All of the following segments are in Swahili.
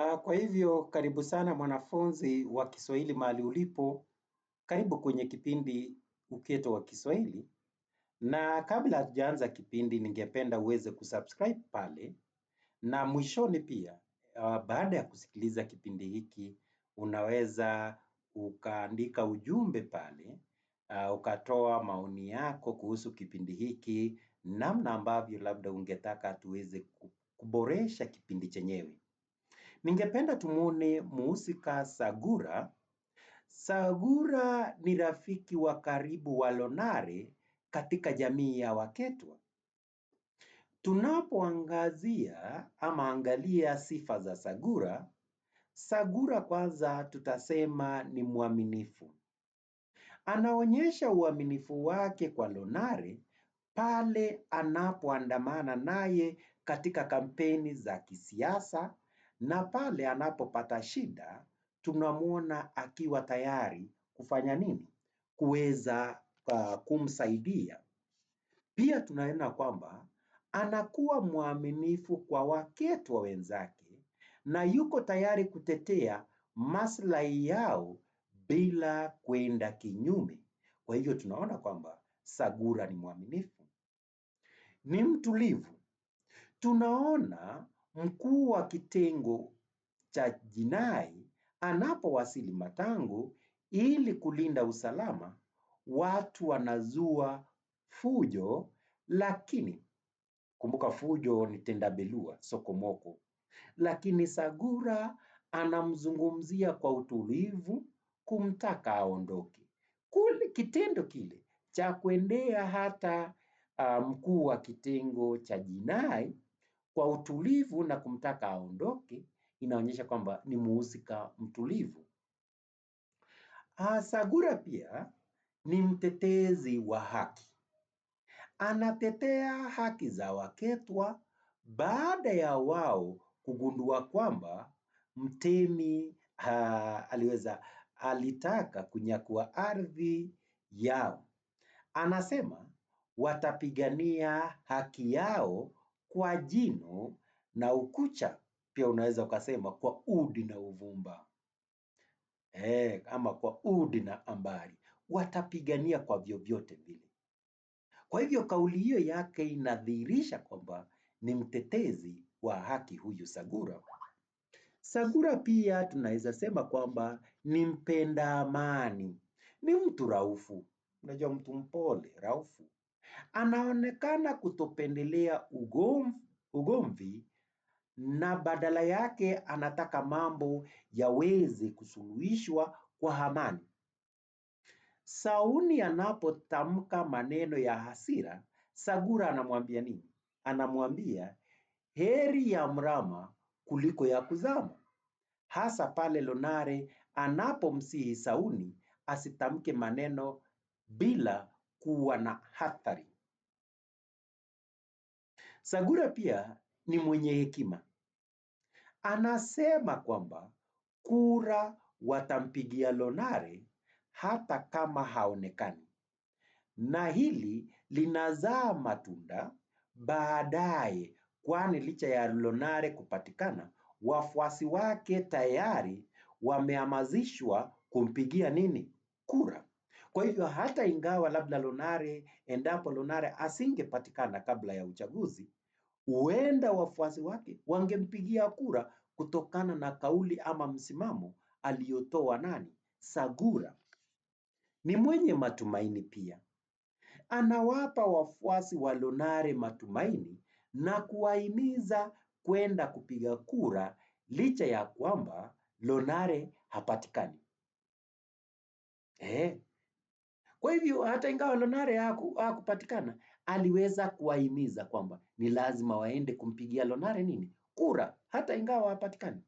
Ah, kwa hivyo, karibu sana mwanafunzi wa kiswahili mahali ulipo, karibu kwenye kipindi Uketo wa Kiswahili. Na kabla hatujaanza kipindi, ningependa uweze kusubscribe pale, na mwishoni pia, ah, baada ya kusikiliza kipindi hiki, unaweza ukaandika ujumbe pale, ah, ukatoa maoni yako kuhusu kipindi hiki, namna ambavyo labda ungetaka tuweze kuboresha kipindi chenyewe. Ningependa tumuone muhusika Sagura. Sagura ni rafiki wa karibu wa Lonare katika jamii ya Waketwa. Tunapoangazia ama angalia sifa za Sagura, Sagura kwanza tutasema ni mwaminifu. Anaonyesha uaminifu wake kwa Lonare pale anapoandamana naye katika kampeni za kisiasa na pale anapopata shida tunamwona akiwa tayari kufanya nini? Kuweza uh, kumsaidia. Pia tunaona kwamba anakuwa mwaminifu kwa waketwa wenzake na yuko tayari kutetea maslahi yao bila kwenda kinyume. Kwa hivyo tunaona kwamba Sagura ni mwaminifu, ni mtulivu. Tunaona Mkuu wa kitengo cha jinai anapowasili Matango ili kulinda usalama, watu wanazua fujo lakini kumbuka fujo ni tendabelua sokomoko lakini Sagura anamzungumzia kwa utulivu kumtaka aondoke. Kule kitendo kile cha kuendea hata ah, mkuu wa kitengo cha jinai kwa utulivu na kumtaka aondoke, inaonyesha kwamba ni muhusika mtulivu. Ah, Sagura pia ni mtetezi wa haki. Anatetea haki za Waketwa baada ya wao kugundua kwamba mtemi ha, aliweza alitaka kunyakua ardhi yao. Anasema watapigania haki yao kwa jino na ukucha, pia unaweza ukasema kwa udi na uvumba e, ama kwa udi na ambari, watapigania kwa vyovyote vile. Kwa hivyo kauli hiyo yake inadhihirisha kwamba ni mtetezi wa haki huyu Sagura. Sagura pia tunaweza sema kwamba ni mpenda amani, ni mtu raufu. Unajua mtu mpole, raufu Anaonekana kutopendelea ugomvi na badala yake anataka mambo yaweze kusuluhishwa kwa amani. Sauni anapotamka maneno ya hasira, Sagura anamwambia nini? Anamwambia heri ya mrama kuliko ya kuzama, hasa pale Lonare anapomsihi Sauni asitamke maneno bila kuwa na athari. Sagura pia ni mwenye hekima. Anasema kwamba kura watampigia Lonare hata kama haonekani, na hili linazaa matunda baadaye, kwani licha ya Lonare kupatikana, wafuasi wake tayari wamehamasishwa kumpigia nini? Kura. Kwa hivyo hata ingawa labda Lonare, endapo Lonare asingepatikana kabla ya uchaguzi, huenda wafuasi wake wangempigia kura kutokana na kauli ama msimamo aliyotoa nani? Sagura. Ni mwenye matumaini pia, anawapa wafuasi wa Lonare matumaini na kuwahimiza kwenda kupiga kura licha ya kwamba Lonare hapatikani. Eh, kwa hivyo hata ingawa Lonare hakupatikana aliweza kuwahimiza kwamba ni lazima waende kumpigia Lonare nini kura, hata ingawa hapatikani.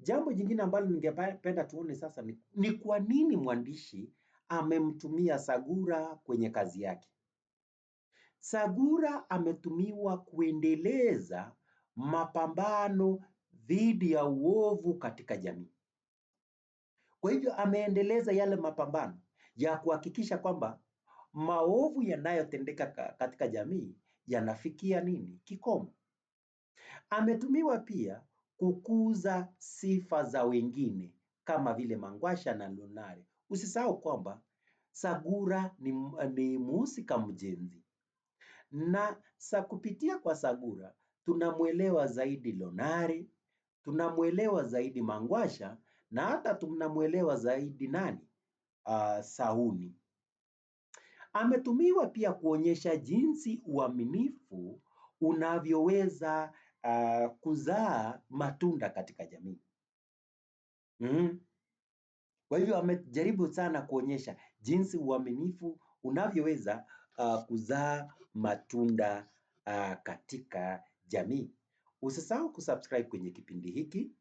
Jambo jingine ambalo ningependa tuone sasa ni, ni kwa nini mwandishi amemtumia Sagura kwenye kazi yake. Sagura ametumiwa kuendeleza mapambano dhidi ya uovu katika jamii. Kwa hivyo ameendeleza yale mapambano ya kuhakikisha kwamba maovu yanayotendeka katika jamii yanafikia nini? Kikomo. Ametumiwa pia kukuza sifa za wengine kama vile Mangwasha na Lunare. Usisahau kwamba Sagura ni, ni muhusika mjenzi na sa kupitia kwa Sagura tunamwelewa zaidi Lonare, tunamwelewa zaidi Mangwasha na hata tunamwelewa zaidi nani? Uh, ah, Sauni. Ametumiwa pia kuonyesha jinsi uaminifu unavyoweza uh, kuzaa matunda katika jamii. Mm. Kwa hivyo amejaribu sana kuonyesha jinsi uaminifu unavyoweza uh, kuzaa matunda uh, katika jamii. Usisahau kusubscribe kwenye kipindi hiki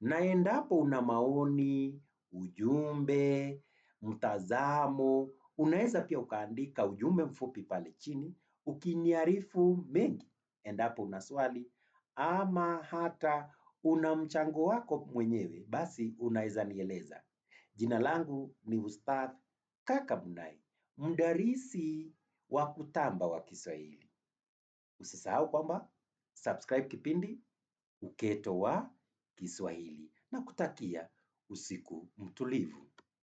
na endapo una maoni, ujumbe, mtazamo, unaweza pia ukaandika ujumbe mfupi pale chini, ukiniarifu mengi, endapo una swali, ama hata una mchango wako mwenyewe, basi unaweza nieleza. Jina langu ni Ustadh Kaka Munai, mdarisi wa kutamba wa Kiswahili. Usisahau kwamba subscribe kipindi Uketo wa Kiswahili na kutakia usiku mtulivu.